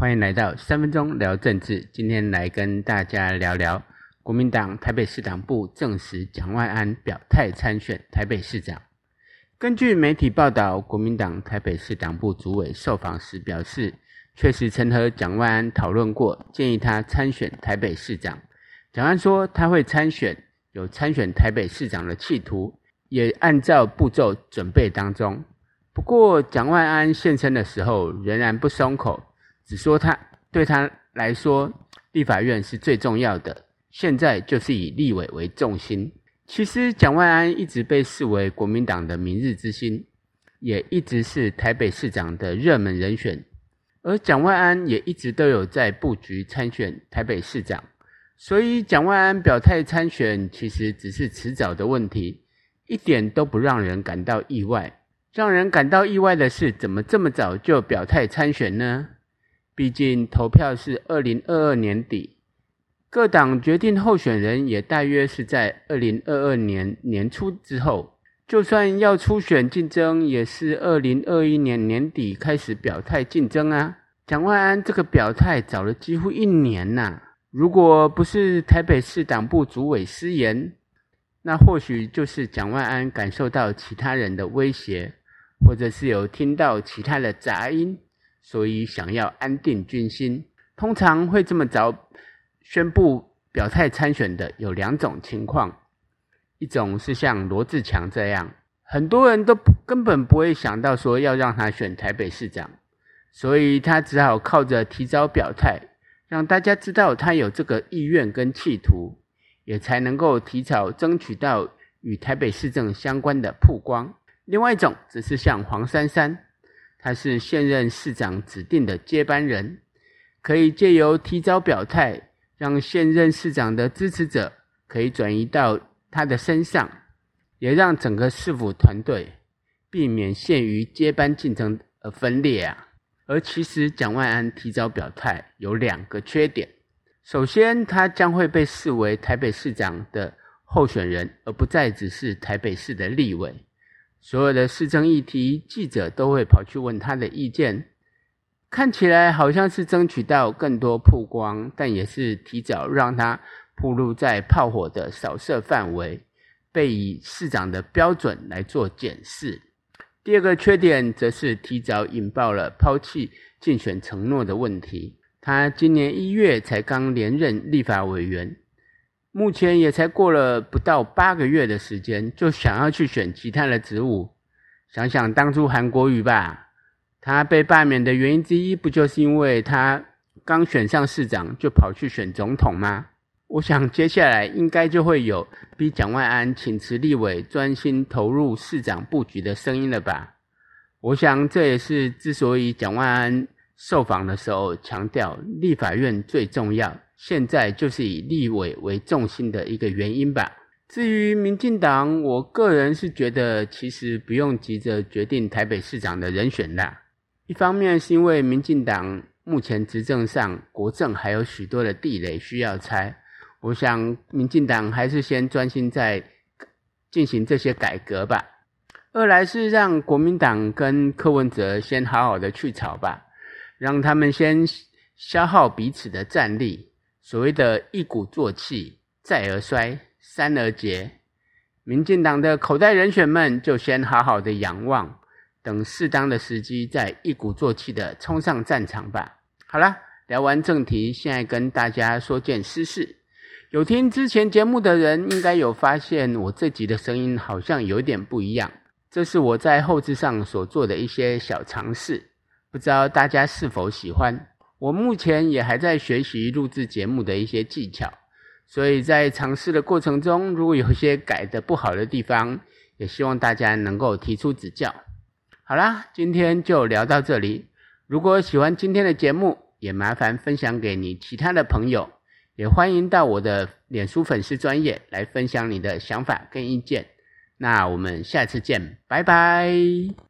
歡迎來到三分鐘聊政治。今天來跟大家聊聊國民黨台北市黨部證實，蔣萬安表態參選台北市長。根據媒體報道，國民黨台北市黨部主委受訪時表示，確實曾和蔣萬安討論過，建議他參選台北市長。蔣萬安說，他會參選，有參選台北市長的企圖，也按照步驟準備當中。不過，蔣萬安現身的時候，仍然不鬆口。只說他對他來說，立法院是最重要的。現在就是以立委為重心。其實，蔣萬安一直被視為國民黨的明日之星，也一直是台北市長的熱門人選。而蔣萬安也一直都有在布局參選台北市長，所以蔣萬安表態參選，其實只是遲早的問題，一點都不讓人感到意外。讓人感到意外的是，怎麼這麼早就表態參選呢？畢竟投票是二零二二年底，各黨決定候選人也大約是在二零二二年年初之後，就算要初選競爭，也是二零二一年年底開始表態競爭啊。蔣萬安這個表態早了幾乎一年吶、啊。如果不是台北市黨部主委失言，那或許就是蔣萬安感受到其他人的威脅，或者是有聽到其他的雜音。所以想要安定軍心，通常會這麼早宣布表態參選的有兩種情況：一種是像羅志強這樣，很多人都根本不會想到說要讓他選台北市長，所以他只好靠着提早表態，讓大家知道他有這個意願跟企圖，也才能夠提早爭取到與台北市政相關的曝光；另外一種則是像黃珊珊。他是現任市長指定的接班人，可以借由提早表態，讓現任市長的支持者可以轉移到他的身上，也讓整個市府團隊避免陷於接班競爭而分裂啊。而其實蔣萬安提早表態有兩個缺點，首先他將會被視為台北市長的候選人，而不再只是台北市的立委。所有的市政議題，記者都會跑去問他的意見。看起來好像是爭取到更多曝光，但也是提早讓他暴露在炮火的掃射範圍，被以市長的標準來做檢視。第二個缺點，則是提早引爆了拋棄競選承諾的問題。他今年一月才剛連任立法委員。目前也才過了不到八個月的時間，就想要去選其他的職務。想想當初韓國瑜吧，他被罷免的原因之一，不就是因為他剛選上市長，就跑去選總統嗎？我想接下來應該就會有逼蔣萬安請辭立委，專心投入市長布局的聲音了吧？我想這也是之所以蔣萬安受訪的時候強調立法院最重要。現在就是以立委為重心的一個原因吧。至於民進黨，我個人是覺得其實不用急着決定台北市長的人選啦。一方面是因為民進黨目前執政上國政還有許多的地雷需要拆，我想民進黨還是先專心在進行這些改革吧。二來是讓國民黨跟柯文哲先好好的去吵吧，讓他們先消耗彼此的戰力。所謂的一鼓作氣，再而衰，三而竭。民進黨的口袋人選們，就先好好的仰望，等適當的時機，再一鼓作氣的衝上戰場吧。好啦，聊完正題，現在跟大家說件私事，事。有聽之前節目的人，應該有發現我這集的聲音好像有點不一樣。這是我在後製上所做的一些小嘗試，不知道大家是否喜歡。我目前也還在學習錄製節目的一些技巧，所以在嘗試的過程中，如果有些改得不好的地方，也希望大家能夠提出指教。好啦，今天就聊到這裡。如果喜歡今天的節目，也麻煩分享給你其他的朋友，也歡迎到我的臉書粉絲專頁來分享你的想法跟意見。那我們下次見，拜拜。